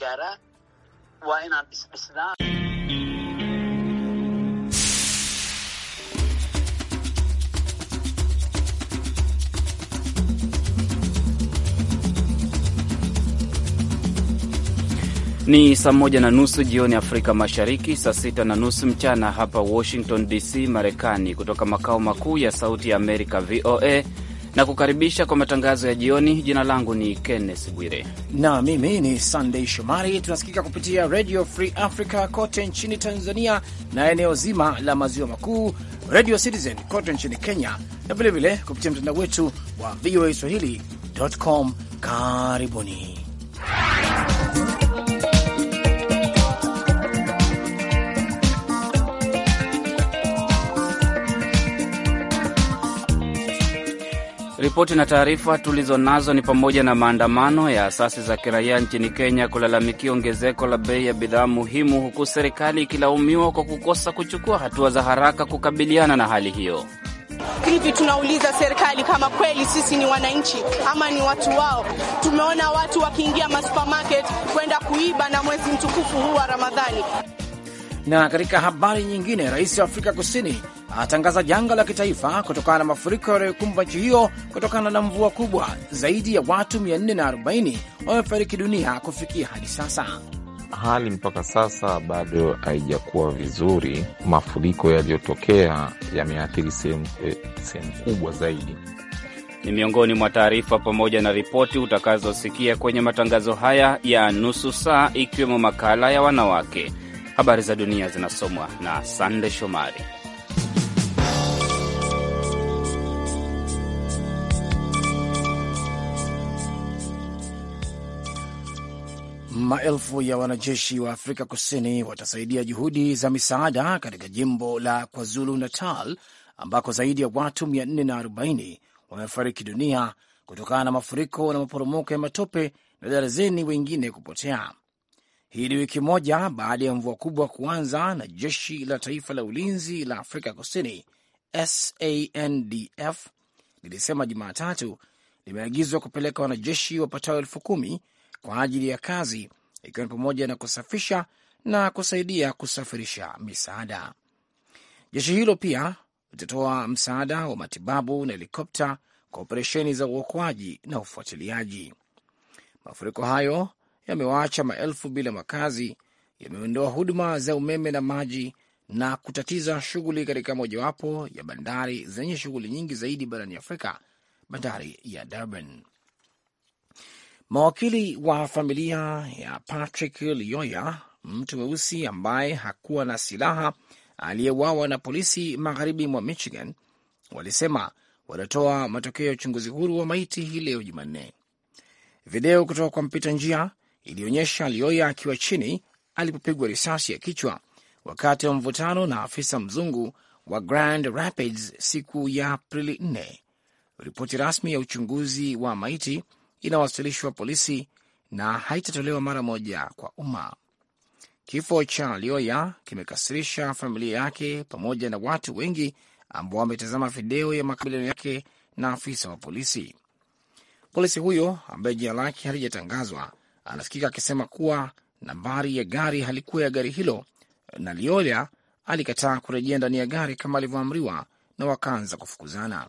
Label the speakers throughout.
Speaker 1: gaara waa inaan dhisdhisnaa.
Speaker 2: Ni saa moja na nusu jioni Afrika Mashariki, saa sita na nusu mchana hapa Washington DC, Marekani, kutoka makao makuu ya Sauti ya Amerika, VOA na kukaribisha kwa matangazo ya jioni. Jina langu ni Kenneth Bwire
Speaker 3: na mimi ni Sunday Shomari. Tunasikika kupitia Radio Free Africa kote nchini Tanzania na eneo zima la maziwa makuu, Radio Citizen kote nchini Kenya na vilevile kupitia mtandao wetu wa VOA Swahili.com. Karibuni
Speaker 2: Ripoti na taarifa tulizonazo ni pamoja na maandamano ya asasi za kiraia nchini Kenya kulalamikia ongezeko la bei ya bidhaa muhimu, huku serikali ikilaumiwa kwa kukosa kuchukua hatua za haraka kukabiliana na hali hiyo.
Speaker 1: Hivi tunauliza serikali kama kweli sisi ni wananchi ama ni watu wao. Tumeona watu wakiingia masupermarket kwenda kuiba na mwezi mtukufu huu wa Ramadhani.
Speaker 3: Na katika habari nyingine, rais wa Afrika Kusini atangaza janga la kitaifa kutokana na mafuriko yanayokumba nchi hiyo kutokana na mvua kubwa. Zaidi ya watu 440 wamefariki dunia kufikia hadi sasa. Hali mpaka sasa bado haijakuwa vizuri. Mafuriko yaliyotokea yameathiri eh, sehemu kubwa zaidi. Ni
Speaker 2: miongoni mwa taarifa pamoja na ripoti utakazosikia kwenye matangazo haya ya nusu saa, ikiwemo makala ya wanawake Habari za dunia zinasomwa na Sande Shomari.
Speaker 3: Maelfu ya wanajeshi wa Afrika Kusini watasaidia juhudi za misaada katika jimbo la KwaZulu Natal ambako zaidi ya watu 440 wamefariki dunia kutokana na mafuriko na maporomoko ya matope na darazeni wengine kupotea. Hii ni wiki moja baada ya mvua kubwa kuanza na jeshi la taifa la ulinzi la Afrika Kusini SANDF lilisema Jumatatu limeagizwa kupeleka wanajeshi wapatao elfu kumi kwa ajili ya kazi ikiwa ni pamoja na kusafisha na kusaidia kusafirisha misaada. Jeshi hilo pia litatoa msaada wa matibabu na helikopta kwa operesheni za uokoaji na ufuatiliaji. Mafuriko hayo yamewaacha maelfu bila makazi, yameondoa huduma za umeme na maji na kutatiza shughuli katika mojawapo ya bandari zenye shughuli nyingi zaidi barani Afrika, bandari ya Durban. Mawakili wa familia ya Patrick Lioya, mtu mweusi ambaye hakuwa na silaha aliyeuawa na polisi magharibi mwa Michigan, walisema watatoa matokeo ya uchunguzi huru wa maiti hii leo Jumanne. Video kutoka kwa mpita njia ilionyesha Lioya akiwa chini alipopigwa risasi ya kichwa wakati wa mvutano na afisa mzungu wa Grand Rapids siku ya Aprili 4. Ripoti rasmi ya uchunguzi wa maiti inawasilishwa polisi na haitatolewa mara moja kwa umma. Kifo cha Lioya kimekasirisha familia yake pamoja na watu wengi ambao wametazama video ya makabiliano yake na afisa wa polisi. Polisi huyo ambaye jina lake halijatangazwa anasikika akisema kuwa nambari ya gari halikuwa ya gari hilo, na lioya alikataa kurejea ndani ya gari kama alivyoamriwa na wakaanza kufukuzana.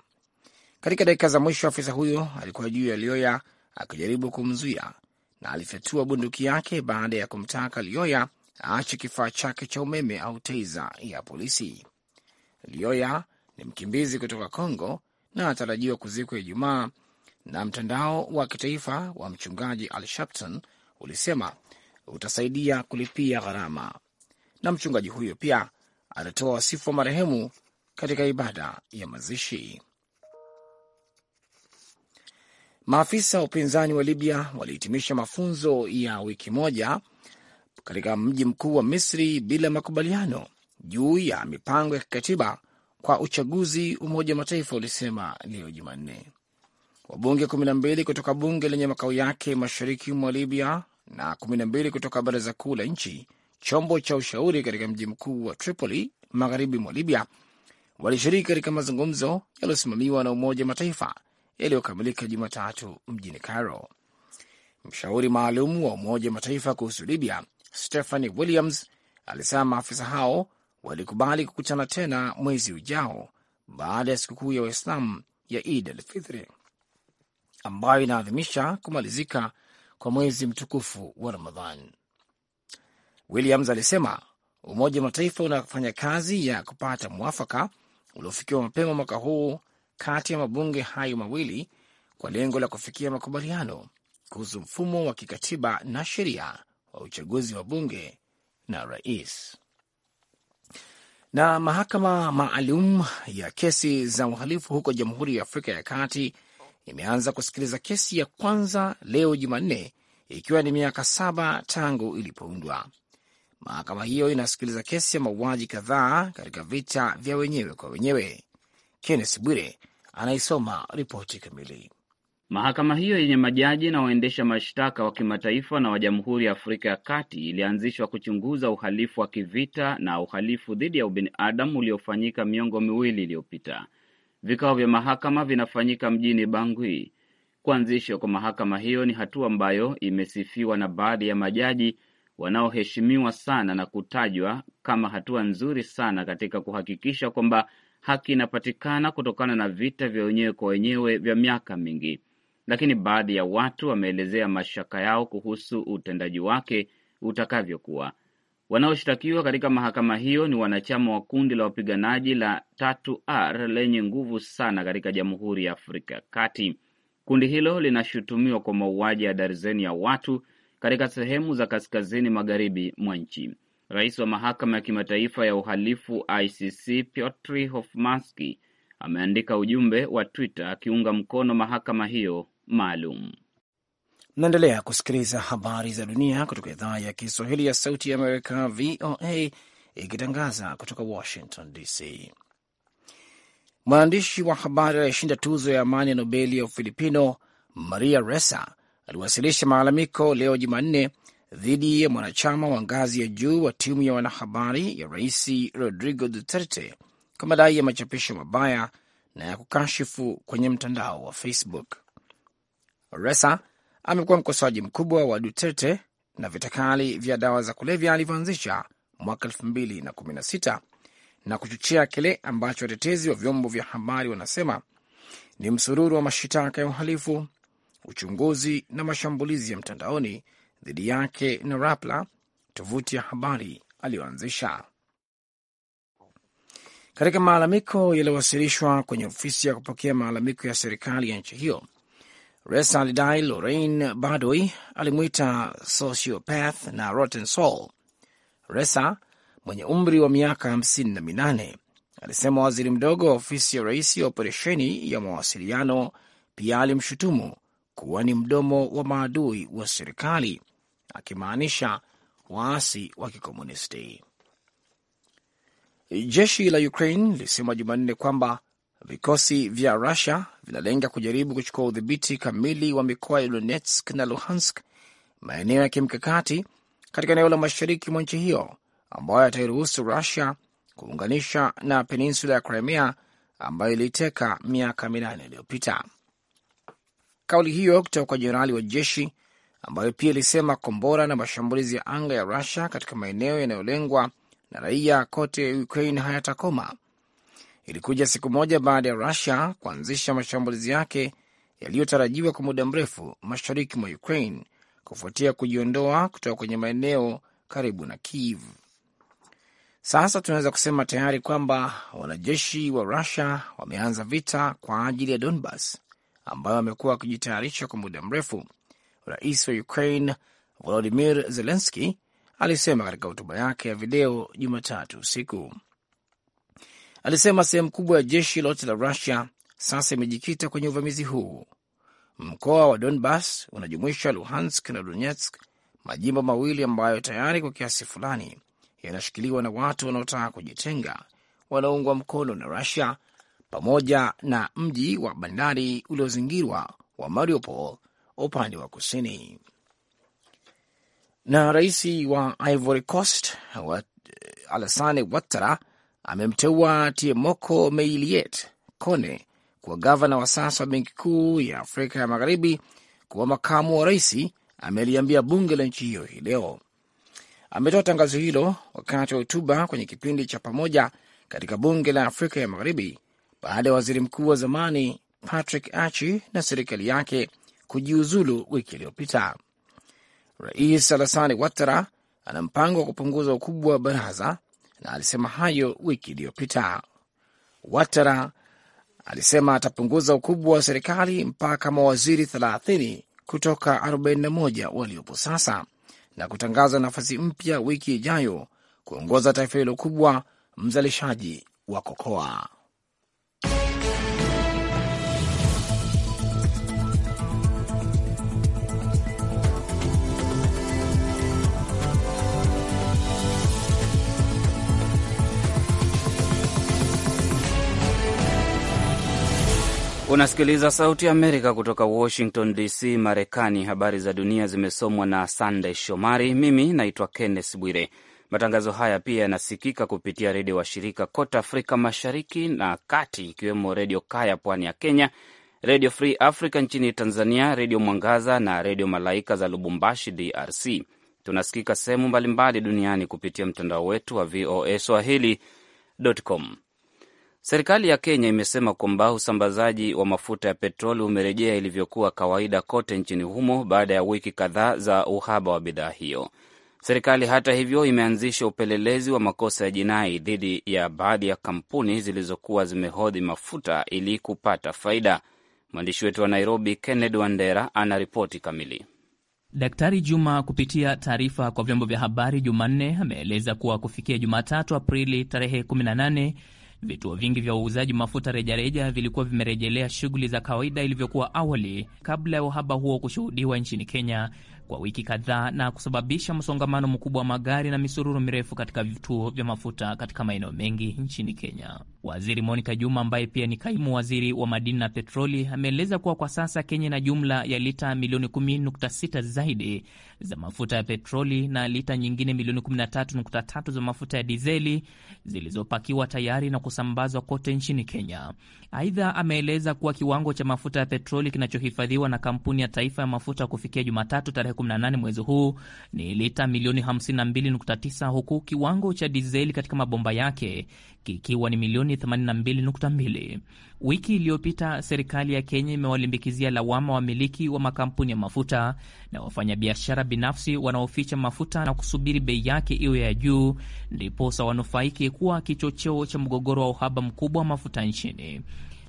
Speaker 3: Katika dakika za mwisho, afisa huyo alikuwa juu ya Lioya akijaribu kumzuia na alifyatua bunduki yake baada ya kumtaka Lioya aache kifaa chake cha umeme au teiza ya polisi. Lioya ni mkimbizi kutoka congo na anatarajiwa kuzikwa Ijumaa na mtandao wa kitaifa wa mchungaji Al Sharpton ulisema utasaidia kulipia gharama, na mchungaji huyo pia atatoa wasifu wa marehemu katika ibada ya mazishi. Maafisa wa upinzani wa Libya walihitimisha mafunzo ya wiki moja katika mji mkuu wa Misri bila makubaliano juu ya mipango ya kikatiba kwa uchaguzi, Umoja wa Mataifa ulisema leo Jumanne wabunge 12 kutoka bunge lenye makao yake mashariki mwa Libya na 12 kutoka baraza kuu la nchi, chombo cha ushauri katika mji mkuu wa Tripoli, magharibi mwa Libya, walishiriki katika mazungumzo yaliyosimamiwa na Umoja wa Mataifa yaliyokamilika Jumatatu mjini Cairo. Mshauri maalum wa Umoja wa Mataifa kuhusu Libya Stephanie Williams alisema maafisa hao walikubali kukutana tena mwezi ujao baada ya sikukuu ya Waislamu ya Id al Fitri ambayo inaadhimisha kumalizika kwa mwezi mtukufu wa Ramadhan. Williams alisema Umoja wa Mataifa unafanya kazi ya kupata mwafaka uliofikiwa mapema mwaka huu kati ya mabunge hayo mawili kwa lengo la kufikia makubaliano kuhusu mfumo wa kikatiba na sheria wa uchaguzi wa bunge na rais. Na mahakama maalum ya kesi za uhalifu huko Jamhuri ya Afrika ya Kati imeanza kusikiliza kesi ya kwanza leo Jumanne, ikiwa ni miaka saba tangu ilipoundwa. Mahakama hiyo inasikiliza kesi ya mauaji kadhaa katika vita vya wenyewe kwa wenyewe. Kennes Bwire anaisoma ripoti kamili.
Speaker 2: Mahakama hiyo yenye majaji na waendesha mashtaka wa kimataifa na wa Jamhuri ya Afrika ya Kati ilianzishwa kuchunguza uhalifu wa kivita na uhalifu dhidi ya ubinadamu uliofanyika miongo miwili iliyopita. Vikao vya mahakama vinafanyika mjini Bangui. Kuanzishwa kwa mahakama hiyo ni hatua ambayo imesifiwa na baadhi ya majaji wanaoheshimiwa sana na kutajwa kama hatua nzuri sana katika kuhakikisha kwamba haki inapatikana kutokana na vita vya wenyewe kwa wenyewe vya miaka mingi. Lakini baadhi ya watu wameelezea mashaka yao kuhusu utendaji wake utakavyokuwa. Wanaoshtakiwa katika mahakama hiyo ni wanachama wa kundi la wapiganaji la 3R lenye nguvu sana katika Jamhuri ya Afrika ya Kati. Kundi hilo linashutumiwa kwa mauaji ya darzeni ya watu katika sehemu za kaskazini magharibi mwa nchi. Rais wa mahakama ya kimataifa ya uhalifu ICC Piotr Hofmanski ameandika ujumbe wa Twitter akiunga mkono mahakama hiyo maalum
Speaker 3: naendelea kusikiliza habari za dunia kutoka idhaa ya Kiswahili ya Sauti ya Amerika, VOA, ikitangaza kutoka Washington DC. Mwandishi wa habari aliyeshinda tuzo ya amani ya Nobeli ya Ufilipino Maria Ressa aliwasilisha malalamiko leo Jumanne dhidi ya mwanachama wa ngazi ya juu wa timu ya wanahabari ya Rais Rodrigo Duterte kwa madai ya machapisho mabaya na ya kukashifu kwenye mtandao wa Facebook. Ressa amekuwa mkosoaji mkubwa wa Duterte na vitakali vya dawa za kulevya alivyoanzisha mwaka 2016 na kuchochea kile ambacho watetezi wa vyombo vya habari wanasema ni msururu wa mashitaka ya uhalifu, uchunguzi na mashambulizi ya mtandaoni dhidi yake na Rappler, tovuti ya habari aliyoanzisha. Katika malalamiko yaliyowasilishwa kwenye ofisi ya kupokea malalamiko ya serikali ya nchi hiyo, Resa alidai Lorraine badoy alimwita sociopath na rotten soul. Resa mwenye umri wa miaka hamsini na minane alisema waziri mdogo wa ofisi ya rais ya operesheni ya mawasiliano pia alimshutumu kuwa ni mdomo wa maadui wa serikali, akimaanisha waasi wa kikomunisti. Jeshi la Ukraine lilisema Jumanne kwamba Vikosi vya Rusia vinalenga kujaribu kuchukua udhibiti kamili wa mikoa ya Donetsk na Luhansk, maeneo ya kimkakati katika eneo la mashariki mwa nchi hiyo ambayo yatairuhusu Rusia kuunganisha na peninsula ya Crimea ambayo iliteka miaka minane iliyopita. Kauli hiyo kutoka kwa jenerali wa jeshi ambayo pia ilisema kombora na mashambulizi ya anga ya Rusia katika maeneo yanayolengwa na raia kote Ukraine hayatakoma ilikuja siku moja baada ya Rusia kuanzisha mashambulizi yake yaliyotarajiwa kwa muda mrefu mashariki mwa Ukraine kufuatia kujiondoa kutoka kwenye maeneo karibu na Kiev. Sasa tunaweza kusema tayari kwamba wanajeshi wa Rusia wameanza vita kwa ajili ya Donbas ambayo wamekuwa wakijitayarisha kwa muda mrefu, rais wa Ukraine Volodimir Zelenski alisema katika hotuba yake ya video Jumatatu usiku alisema sehemu kubwa ya jeshi lote la Rusia sasa imejikita kwenye uvamizi huu. Mkoa wa Donbas unajumuisha Luhansk na Donetsk, majimbo mawili ambayo tayari kwa kiasi fulani yanashikiliwa na watu wanaotaka kujitenga wanaoungwa mkono na Rusia, pamoja na mji wa bandari uliozingirwa wa Mariupol upande wa kusini. Na rais wa Ivory Coast wa Alassane Ouattara amemteua Tiemoko Meiliet Kone kuwa gavana wa sasa wa Benki Kuu ya Afrika ya Magharibi kuwa makamu wa rais, ameliambia bunge la nchi hiyo hii leo. Ametoa tangazo hilo wakati wa hotuba kwenye kipindi cha pamoja katika bunge la Afrika ya Magharibi baada ya waziri mkuu wa zamani Patrick Achi na serikali yake kujiuzulu wiki iliyopita. Rais Alassane Ouattara ana mpango wa kupunguza ukubwa wa baraza na alisema hayo wiki iliyopita. Watara alisema atapunguza ukubwa wa serikali mpaka mawaziri 30 kutoka 41 waliopo sasa na kutangaza nafasi mpya wiki ijayo kuongoza taifa hilo kubwa mzalishaji wa kokoa.
Speaker 2: Unasikiliza Sauti ya Amerika kutoka Washington DC, Marekani. Habari za dunia zimesomwa na Sandey Shomari. Mimi naitwa Kenneth Bwire. Matangazo haya pia yanasikika kupitia redio washirika kote Afrika Mashariki na Kati, ikiwemo Redio Kaya pwani ya Kenya, Redio Free Africa nchini Tanzania, Redio Mwangaza na Redio Malaika za Lubumbashi, DRC. Tunasikika sehemu mbalimbali duniani kupitia mtandao wetu wa VOA swahili.com. Serikali ya Kenya imesema kwamba usambazaji wa mafuta ya petroli umerejea ilivyokuwa kawaida kote nchini humo baada ya wiki kadhaa za uhaba wa bidhaa hiyo. Serikali hata hivyo, imeanzisha upelelezi wa makosa ya jinai dhidi ya baadhi ya kampuni zilizokuwa zimehodhi mafuta ili kupata faida. Mwandishi wetu wa Nairobi, Kennedy Wandera, ana ripoti kamili.
Speaker 4: Daktari Juma kupitia taarifa kwa vyombo vya habari Jumanne ameeleza kuwa kufikia Jumatatu Aprili tarehe 18 Vituo vingi vya uuzaji mafuta rejareja vilikuwa vimerejelea shughuli za kawaida ilivyokuwa awali kabla ya uhaba huo kushuhudiwa nchini Kenya kwa wiki kadhaa na kusababisha msongamano mkubwa wa magari na misururu mirefu katika vituo vya mafuta katika maeneo mengi nchini Kenya. Waziri Monica Juma ambaye pia ni kaimu waziri wa madini na petroli ameeleza kuwa kwa sasa Kenya ina jumla ya lita milioni 10.6 zaidi za mafuta ya petroli na lita nyingine milioni 13.3 za mafuta ya dizeli zilizopakiwa tayari na kusambazwa kote nchini Kenya. Aidha, ameeleza kuwa kiwango cha mafuta ya petroli kinachohifadhiwa na kampuni ya taifa ya mafuta kufikia Jumatatu tarehe 18 mwezi huu ni lita milioni 52.9 huku kiwango cha dizeli katika mabomba yake kikiwa ni milioni 82.2. Wiki iliyopita serikali ya Kenya imewalimbikizia lawama wamiliki wa makampuni ya mafuta na wafanyabiashara binafsi wanaoficha mafuta na kusubiri bei yake iwe ya juu ndiposa wanufaike kuwa kichocheo cha mgogoro wa uhaba mkubwa wa mafuta nchini.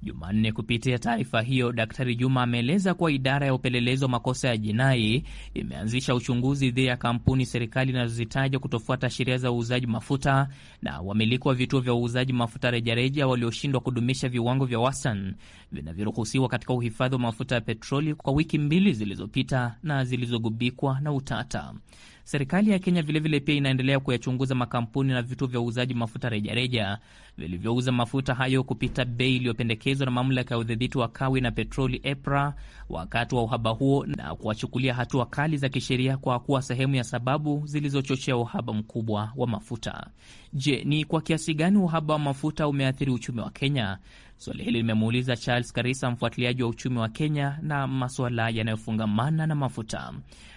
Speaker 4: Jumanne. Kupitia taarifa hiyo, Daktari Juma ameeleza kuwa idara ya upelelezi wa makosa ya jinai imeanzisha uchunguzi dhidi ya kampuni serikali inazozitaja kutofuata sheria za uuzaji mafuta na wamiliki wa vituo vya uuzaji mafuta rejareja walioshindwa kudumisha viwango vya wastani vinavyoruhusiwa katika uhifadhi wa mafuta ya petroli kwa wiki mbili zilizopita na zilizogubikwa na utata. Serikali ya Kenya vilevile pia inaendelea kuyachunguza makampuni na vituo vya uuzaji mafuta rejareja vilivyouza mafuta hayo kupita bei iliyopendekezwa na mamlaka ya udhibiti wa kawi na petroli EPRA wakati wa uhaba huo na kuwachukulia hatua kali za kisheria kwa kuwa sehemu ya sababu zilizochochea uhaba mkubwa wa mafuta. Je, ni kwa kiasi gani uhaba wa mafuta umeathiri uchumi wa Kenya? Swali hili limemuuliza Charles Karisa, mfuatiliaji wa uchumi wa Kenya na masuala yanayofungamana na mafuta.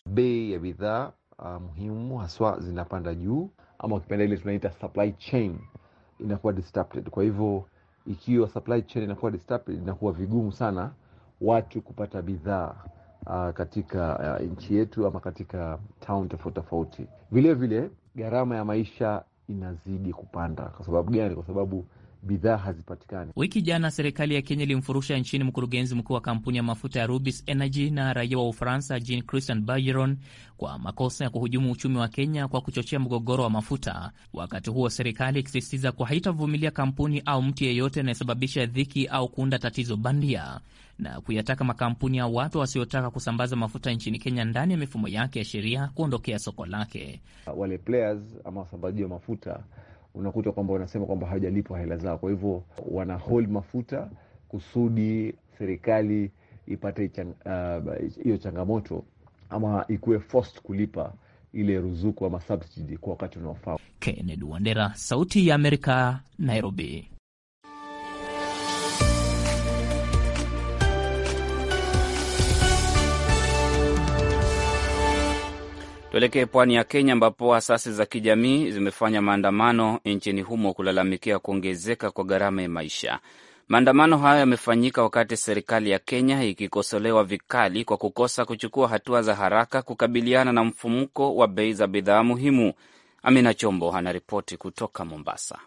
Speaker 3: Bei ya bidhaa uh, muhimu haswa zinapanda juu, ama ukipenda ile tunaita supply chain inakuwa disrupted. Kwa hivyo ikiwa supply chain inakuwa disrupted, inakuwa vigumu sana watu kupata bidhaa uh, katika uh, nchi yetu ama katika town tofauti tofauti. Vile vile gharama ya maisha inazidi kupanda. Kwa sababu gani? Kwa sababu bidhaa hazipatikani.
Speaker 4: Wiki jana serikali ya Kenya ilimfurusha nchini mkurugenzi mkuu wa kampuni ya mafuta ya Rubis Energy na raia wa Ufaransa Jean Christian Bergeron kwa makosa ya kuhujumu uchumi wa Kenya kwa kuchochea mgogoro wa mafuta, wakati huo serikali ikisisitiza kuwa haitavumilia kampuni au mtu yeyote anayesababisha dhiki au kuunda tatizo bandia na kuyataka makampuni au watu wasiotaka kusambaza mafuta nchini Kenya ndani ya mifumo yake ya sheria kuondokea soko lake.
Speaker 3: Wale players ama wasambazaji wa mafuta unakuta kwamba wanasema kwamba hawajalipwa hela zao, kwa hivyo wana hold mafuta kusudi serikali ipate uh, hiyo uh, changamoto ama ikuwe forced kulipa ile ruzuku ama subsidy kwa wakati unaofaa. Kennedy
Speaker 4: Wandera, Sauti ya Amerika, Nairobi.
Speaker 2: Tuelekee pwani ya Kenya ambapo asasi za kijamii zimefanya maandamano nchini humo kulalamikia kuongezeka kwa gharama ya maisha. Maandamano hayo yamefanyika wakati serikali ya Kenya ikikosolewa vikali kwa kukosa kuchukua hatua za haraka kukabiliana na mfumuko wa bei za bidhaa muhimu. Amina Chombo anaripoti kutoka Mombasa.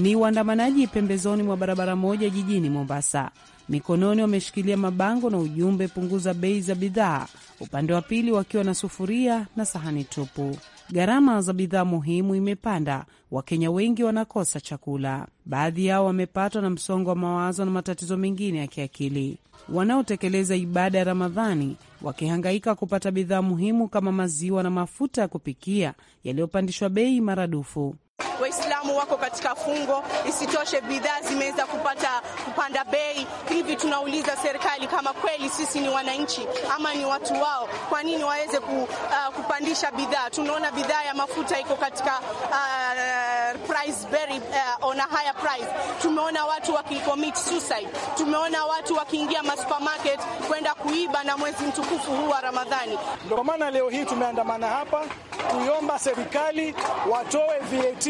Speaker 1: Ni waandamanaji pembezoni mwa barabara moja jijini Mombasa mikononi wameshikilia mabango na ujumbe punguza bei za bidhaa, upande wa pili wakiwa na sufuria na sahani tupu. Gharama za bidhaa muhimu imepanda, Wakenya wengi wanakosa chakula. Baadhi yao wamepatwa na msongo wa mawazo na matatizo mengine ya kiakili. Wanaotekeleza ibada ya Ramadhani wakihangaika kupata bidhaa muhimu kama maziwa na mafuta ya kupikia yaliyopandishwa bei maradufu. Waislamu wako katika fungo. Isitoshe, bidhaa zimeweza kupata kupanda bei. Hivi tunauliza serikali kama kweli sisi ni wananchi ama ni watu wao, kwa nini waweze ku, uh, kupandisha bidhaa? Tunaona bidhaa ya mafuta iko katika uh, price very, uh, on a higher price. Tumeona watu wakicommit suicide, tumeona watu wakiingia supermarket kwenda kuiba na mwezi mtukufu huu wa Ramadhani. Ndio maana
Speaker 3: leo hii tumeandamana hapa kuiomba serikali watoe VAT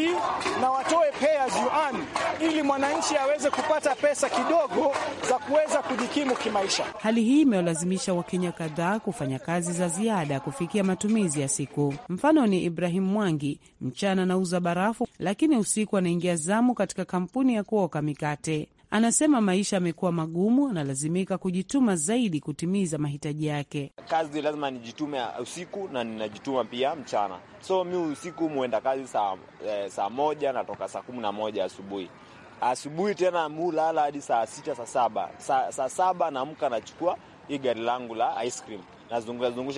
Speaker 3: na watoe pay as you earn ili mwananchi aweze kupata pesa kidogo za kuweza kujikimu kimaisha.
Speaker 1: Hali hii imewalazimisha Wakenya kadhaa kufanya kazi za ziada kufikia matumizi ya siku. Mfano ni Ibrahim Mwangi, mchana anauza barafu lakini lakini usiku anaingia zamu katika kampuni ya kuoka mikate. Anasema maisha yamekuwa magumu, analazimika kujituma zaidi kutimiza mahitaji yake.
Speaker 5: Kazi lazima nijitume usiku na ninajituma pia mchana, so mi usiku muenda kazi saa, eh, saa moja natoka saa kumi na moja asubuhi asubuhi tena mulala hadi saa sita saa saba saa, saa saba naamka nachukua hii gari langu la ice cream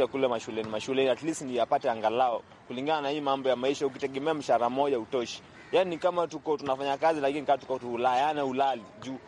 Speaker 5: kule mashuleni mashuleni, at least ni angalau kulingana na hii mambo ya maisha. Ukitegemea mshahara moja utoshi, yani kama tuko tunafanya kazi lakini kama tuko tulayana yaani ulali juu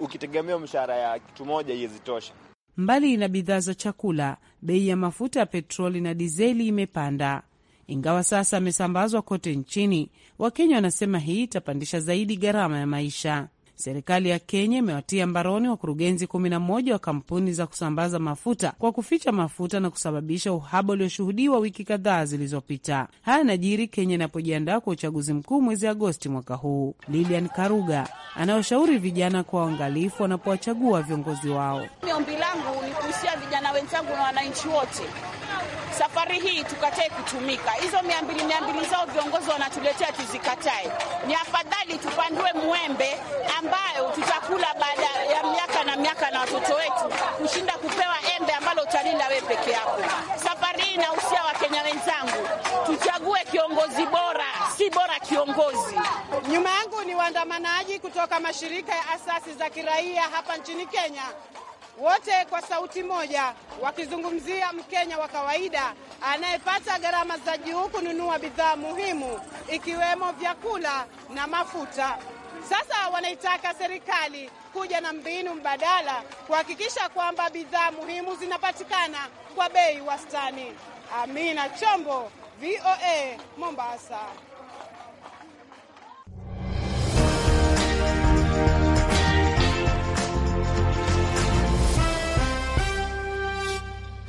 Speaker 5: ukitegemea mshahara ya kitu moja iwezi tosha.
Speaker 1: Mbali na bidhaa za chakula, bei ya mafuta ya petroli na dizeli imepanda, ingawa sasa amesambazwa kote nchini. Wakenya wanasema hii itapandisha zaidi gharama ya maisha. Serikali ya Kenya imewatia mbaroni wakurugenzi 11 wa kampuni za kusambaza mafuta kwa kuficha mafuta na kusababisha uhaba ulioshuhudiwa wiki kadhaa zilizopita. Haya najiri Kenya inapojiandaa kwa uchaguzi mkuu mwezi Agosti mwaka huu. Lilian Karuga anawashauri vijana kwa waangalifu wanapowachagua viongozi wao.
Speaker 6: Ombi langu ni kuhusia vijana wenzangu na wananchi wote, safari hii tukatae kutumika. Hizo mia mbili mia mbili zao viongozi wanatuletea, tuzikatae. Ni afadhali tupandue mwembe bora kiongozi. Nyuma
Speaker 1: yangu ni waandamanaji kutoka mashirika ya asasi za kiraia hapa nchini Kenya, wote kwa sauti moja wakizungumzia Mkenya wa kawaida anayepata gharama za juu kununua bidhaa muhimu ikiwemo vyakula na mafuta. Sasa wanaitaka serikali kuja na mbinu mbadala kuhakikisha kwamba bidhaa muhimu zinapatikana kwa bei wastani. Amina Chombo, VOA, Mombasa.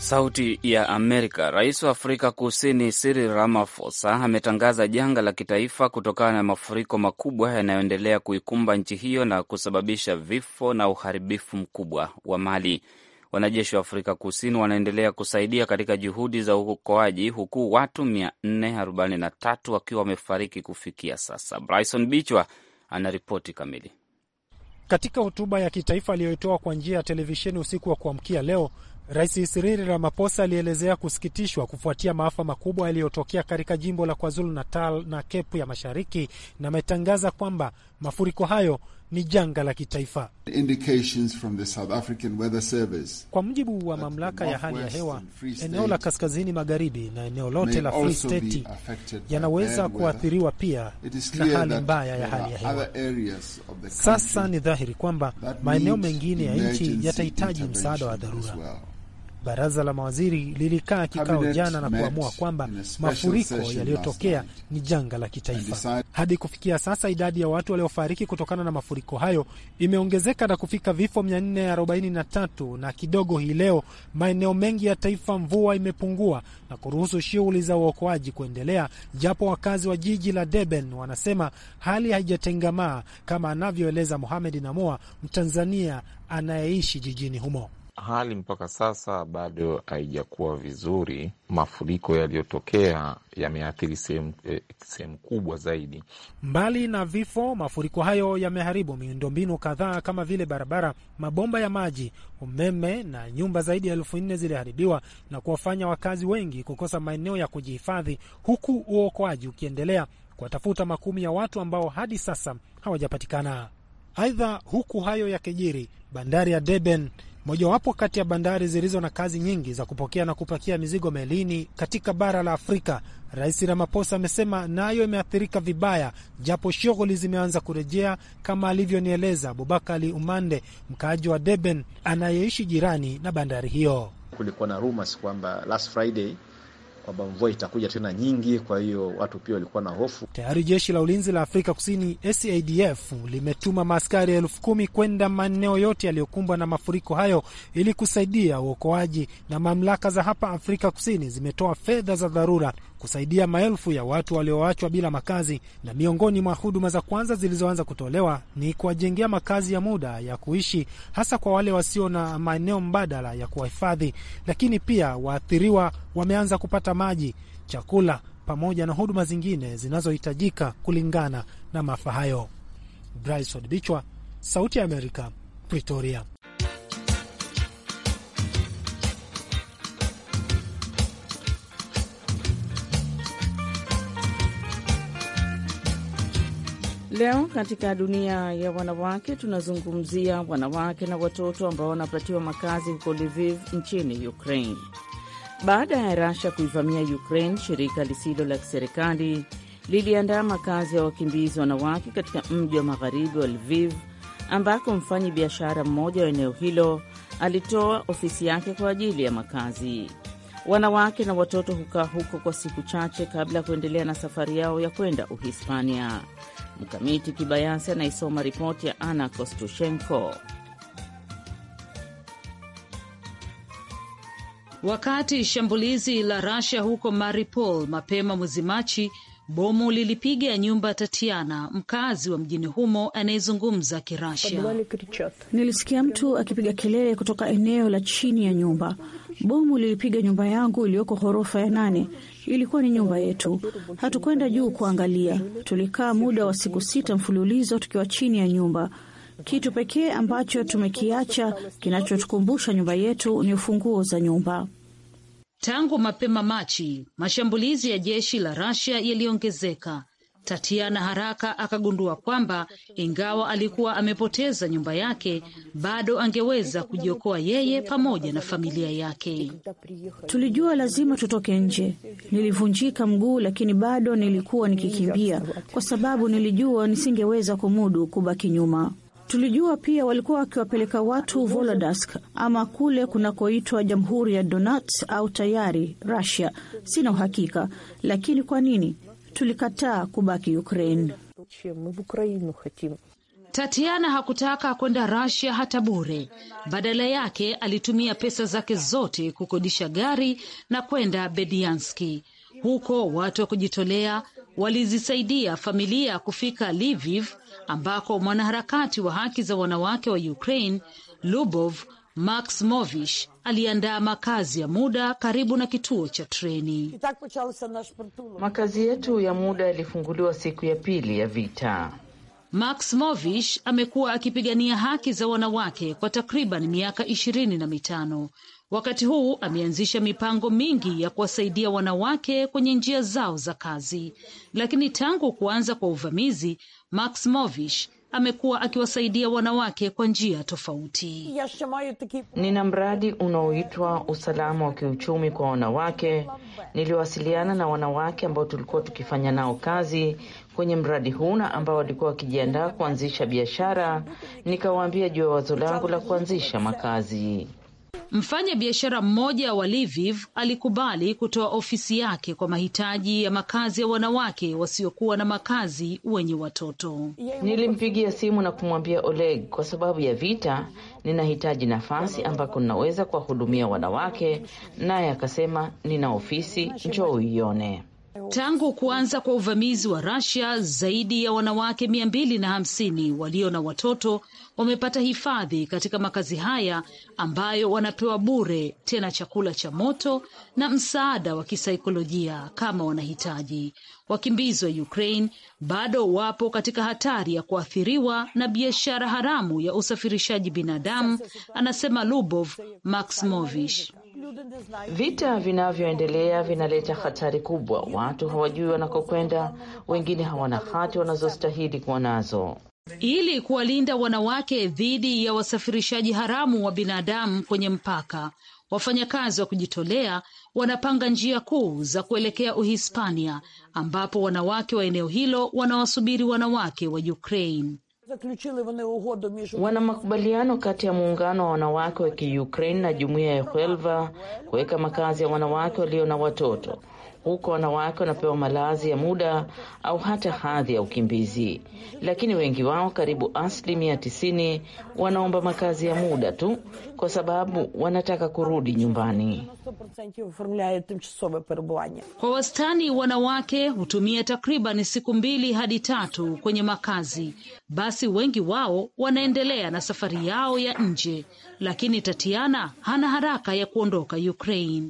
Speaker 2: Sauti ya Amerika. Rais wa Afrika Kusini Cyril Ramaphosa ametangaza janga la kitaifa kutokana na mafuriko makubwa yanayoendelea kuikumba nchi hiyo na kusababisha vifo na uharibifu mkubwa wa mali. Wanajeshi wa Afrika Kusini wanaendelea kusaidia katika juhudi za uokoaji huku watu 443 wakiwa wamefariki kufikia sasa. Bryson Bichwa anaripoti kamili.
Speaker 5: Katika hotuba ya kitaifa aliyoitoa kwa njia ya televisheni usiku wa kuamkia leo, Rais Cyril Ramaphosa alielezea kusikitishwa kufuatia maafa makubwa yaliyotokea katika jimbo la KwaZulu Natal na Kepu ya Mashariki, na ametangaza kwamba mafuriko hayo ni janga la kitaifa. Kwa mujibu wa mamlaka ya hali ya hewa, eneo la kaskazini magharibi na eneo lote la Free State
Speaker 2: yanaweza kuathiriwa
Speaker 5: pia na hali mbaya ya hali ya hewa. Sasa ni dhahiri kwamba maeneo mengine ya nchi yatahitaji msaada wa dharura. Baraza la mawaziri lilikaa kikao jana na kuamua kwamba mafuriko yaliyotokea ni janga la kitaifa. Hadi kufikia sasa idadi ya watu waliofariki kutokana na mafuriko hayo imeongezeka na kufika vifo 443 na kidogo. Hii leo maeneo mengi ya taifa mvua imepungua na kuruhusu shughuli za uokoaji kuendelea, japo wakazi wa jiji la Deben wanasema hali haijatengamaa, kama anavyoeleza Muhamed Namoa, Mtanzania anayeishi jijini humo
Speaker 3: hali mpaka sasa bado haijakuwa vizuri. Mafuriko yaliyotokea yameathiri sehemu eh, kubwa zaidi.
Speaker 5: Mbali na vifo, mafuriko hayo yameharibu miundombinu kadhaa kama vile barabara, mabomba ya maji, umeme na nyumba zaidi ya elfu nne ziliharibiwa na kuwafanya wakazi wengi kukosa maeneo ya kujihifadhi, huku uokoaji ukiendelea kuwatafuta makumi ya watu ambao hadi sasa hawajapatikana. Aidha, huku hayo yakijiri, bandari ya Deben mojawapo kati ya bandari zilizo na kazi nyingi za kupokea na kupakia mizigo melini katika bara la Afrika. Rais Ramaphosa amesema nayo imeathirika vibaya, japo shughuli zimeanza kurejea, kama alivyonieleza Abubakari Umande, mkaaji wa Deben anayeishi jirani na bandari hiyo. Kulikuwa na rumors kwamba last Friday kwamba mvua itakuja tena nyingi, kwa hiyo watu pia walikuwa na hofu tayari. Jeshi la ulinzi la Afrika Kusini SADF limetuma maaskari elfu kumi kwenda maeneo yote yaliyokumbwa na mafuriko hayo ili kusaidia uokoaji, na mamlaka za hapa Afrika Kusini zimetoa fedha za dharura kusaidia maelfu ya watu walioachwa bila makazi, na miongoni mwa huduma za kwanza zilizoanza kutolewa ni kuwajengea makazi ya muda ya kuishi, hasa kwa wale wasio na maeneo mbadala ya kuwahifadhi. Lakini pia waathiriwa wameanza kupata maji, chakula pamoja na huduma zingine zinazohitajika kulingana na maafa hayo. Bryson Bichwa, Sauti ya Amerika, Pretoria.
Speaker 6: Leo katika dunia ya wanawake tunazungumzia wanawake na watoto ambao wanapatiwa makazi huko Lviv nchini Ukraine. Baada ya Rasha kuivamia Ukraine, shirika lisilo la kiserikali liliandaa makazi ya wakimbizi wanawake katika mji wa magharibi wa Lviv, ambako mfanyi biashara mmoja wa eneo hilo alitoa ofisi yake kwa ajili ya makazi. Wanawake na watoto hukaa huko kwa siku chache kabla ya kuendelea na safari yao ya kwenda Uhispania. Mkamiti Kibayasi anaisoma ripoti ya Ana Kostushenko.
Speaker 7: Wakati shambulizi la rasia huko Mariupol mapema mwezi Machi, bomu lilipiga nyumba ya Tatiana, mkazi wa mjini humo anayezungumza Kirasia. Nilisikia mtu akipiga kelele kutoka eneo la chini ya nyumba. Bomu lilipiga nyumba yangu iliyoko ghorofa ya nane ilikuwa ni nyumba yetu. Hatukwenda juu kuangalia, tulikaa muda wa siku sita mfululizo tukiwa chini ya nyumba. Kitu pekee ambacho tumekiacha kinachotukumbusha nyumba yetu ni ufunguo za nyumba. Tangu mapema Machi, mashambulizi ya jeshi la Russia yaliongezeka Tatiana haraka akagundua kwamba ingawa alikuwa amepoteza nyumba yake bado angeweza kujiokoa yeye pamoja na familia yake. Tulijua lazima tutoke nje. Nilivunjika mguu, lakini bado nilikuwa nikikimbia kwa sababu nilijua nisingeweza kumudu kubaki nyuma. Tulijua pia walikuwa wakiwapeleka watu Volodask ama kule kunakoitwa Jamhuri ya Donetsk au tayari rasia sina uhakika. Lakini kwa nini? tulikataa kubaki Ukraine. Tatiana hakutaka kwenda Rasia hata bure. Badala yake alitumia pesa zake zote kukodisha gari na kwenda Bedianski. Huko watu wa kujitolea walizisaidia familia kufika Lviv, ambako mwanaharakati wa haki za wanawake wa Ukraine Lubov Maksimovic aliandaa makazi ya muda karibu na kituo cha treni. Makazi yetu ya muda yalifunguliwa siku ya pili ya
Speaker 6: vita.
Speaker 7: Max Movish amekuwa akipigania haki za wanawake kwa takriban miaka ishirini na mitano. Wakati huu ameanzisha mipango mingi ya kuwasaidia wanawake kwenye njia zao za kazi, lakini tangu kuanza kwa uvamizi Max Movish amekuwa akiwasaidia wanawake kwa njia tofauti.
Speaker 6: Nina mradi unaoitwa usalama wa kiuchumi kwa wanawake. Niliwasiliana na wanawake ambao tulikuwa tukifanya nao kazi kwenye mradi huu na ambao walikuwa wakijiandaa kuanzisha biashara, nikawaambia juu ya wazo langu la kuanzisha makazi.
Speaker 7: Mfanya biashara mmoja wa Lviv alikubali kutoa ofisi yake kwa mahitaji ya makazi ya wanawake wasiokuwa na makazi wenye watoto.
Speaker 6: Nilimpigia
Speaker 7: simu na kumwambia Oleg, kwa sababu ya vita ninahitaji
Speaker 6: nafasi ambako ninaweza kuwahudumia wanawake, naye akasema nina ofisi, njoo uione.
Speaker 7: Tangu kuanza kwa uvamizi wa rasia zaidi ya wanawake mia mbili na hamsini walio na watoto wamepata hifadhi katika makazi haya ambayo wanapewa bure, tena chakula cha moto na msaada wa kisaikolojia kama wanahitaji. Wakimbizi wa Ukraine bado wapo katika hatari ya kuathiriwa na biashara haramu ya usafirishaji binadamu, anasema Lubov Maksimovich. Vita vinavyoendelea
Speaker 6: vinaleta hatari kubwa. Watu hawajui wanakokwenda, wengine hawana hati wanazostahili kuwa nazo
Speaker 7: ili kuwalinda wanawake dhidi ya wasafirishaji haramu wa binadamu kwenye mpaka. Wafanyakazi wa kujitolea wanapanga njia kuu za kuelekea Uhispania, ambapo wanawake wa eneo hilo wanawasubiri wanawake wa Ukraine. Wana makubaliano kati ya muungano wa
Speaker 6: wanawake wa Kiukraine na jumuiya ya Helva kuweka makazi ya wanawake walio na watoto huko wanawake wanapewa malazi ya muda au hata hadhi ya ukimbizi, lakini wengi wao, karibu asilimia tisini, wanaomba makazi ya muda tu kwa sababu wanataka kurudi nyumbani.
Speaker 7: Kwa wastani, wanawake hutumia takriban siku mbili hadi tatu kwenye makazi, basi wengi wao wanaendelea na safari yao ya nje, lakini Tatiana hana haraka ya kuondoka Ukraine.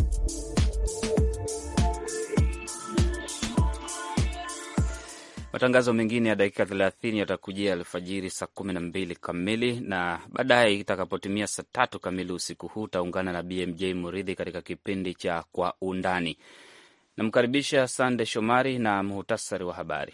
Speaker 2: Matangazo mengine ya dakika 30 yatakujia alfajiri saa 12 kamili na baadaye itakapotimia saa tatu kamili usiku huu utaungana na BMJ Muridhi katika kipindi cha Kwa Undani. Namkaribisha Sande Shomari na muhutasari wa habari.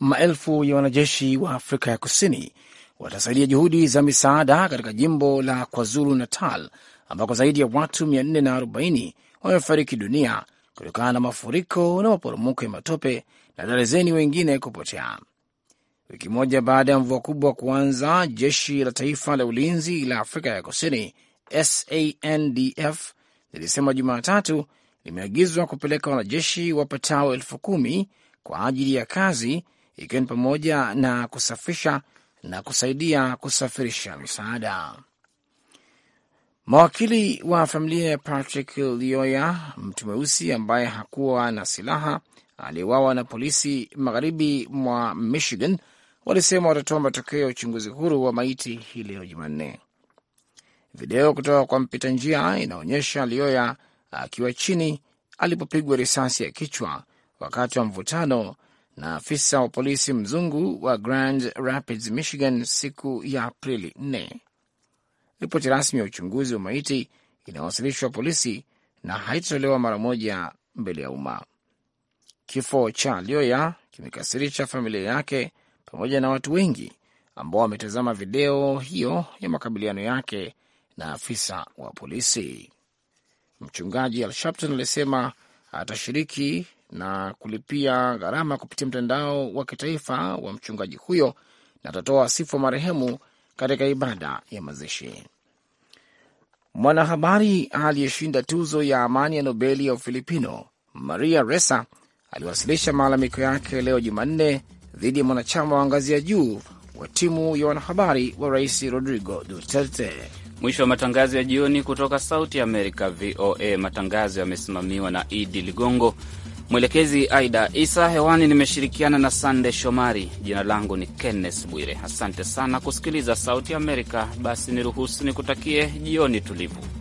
Speaker 3: Maelfu ya wanajeshi wa Afrika ya Kusini watasaidia juhudi za misaada katika jimbo la KwaZulu Natal ambako zaidi ya watu 440 wamefariki dunia kutokana na mafuriko na maporomoko ya matope na darezeni wengine kupotea. Wiki moja baada ya mvua kubwa kuanza, jeshi la taifa la ulinzi la Afrika ya Kusini SANDF lilisema Jumatatu limeagizwa kupeleka wanajeshi wapatao elfu kumi kwa ajili ya kazi, ikiwa ni pamoja na kusafisha na kusaidia kusafirisha misaada. Mawakili wa familia ya Patrick Lioya, mtu mweusi ambaye hakuwa na silaha aliyewawa na polisi magharibi mwa Michigan, walisema watatoa matokeo ya uchunguzi huru wa maiti hii leo Jumanne. Video kutoka kwa mpita njia inaonyesha Lioya akiwa chini alipopigwa risasi ya kichwa wakati wa mvutano na afisa wa polisi mzungu wa Grand Rapids, Michigan siku ya Aprili 4. Ripoti rasmi ya uchunguzi wa maiti inawasilishwa polisi na haitatolewa mara moja mbele ya umma. Kifo cha Lioya kimekasirisha familia yake pamoja na watu wengi ambao wametazama video hiyo ya makabiliano yake na afisa wa polisi. Mchungaji Al Sharpton alisema atashiriki na kulipia gharama kupitia mtandao wa kitaifa wa mchungaji huyo na atatoa wa marehemu katika ibada ya mazishi. Mwanahabari aliyeshinda tuzo ya amani ya Nobeli ya Ufilipino Maria Ressa aliwasilisha malalamiko yake leo Jumanne dhidi ya mwanachama wa ngazi ya juu wa timu ya wanahabari wa rais Rodrigo Duterte.
Speaker 2: Mwisho wa matangazo ya jioni kutoka Sauti ya Amerika, VOA. Matangazo yamesimamiwa na Idi Ligongo. Mwelekezi Aida Isa hewani, nimeshirikiana na Sande Shomari. Jina langu ni Kenneth Bwire. Asante sana kusikiliza Sauti Amerika. Basi niruhusu nikutakie jioni tulivu.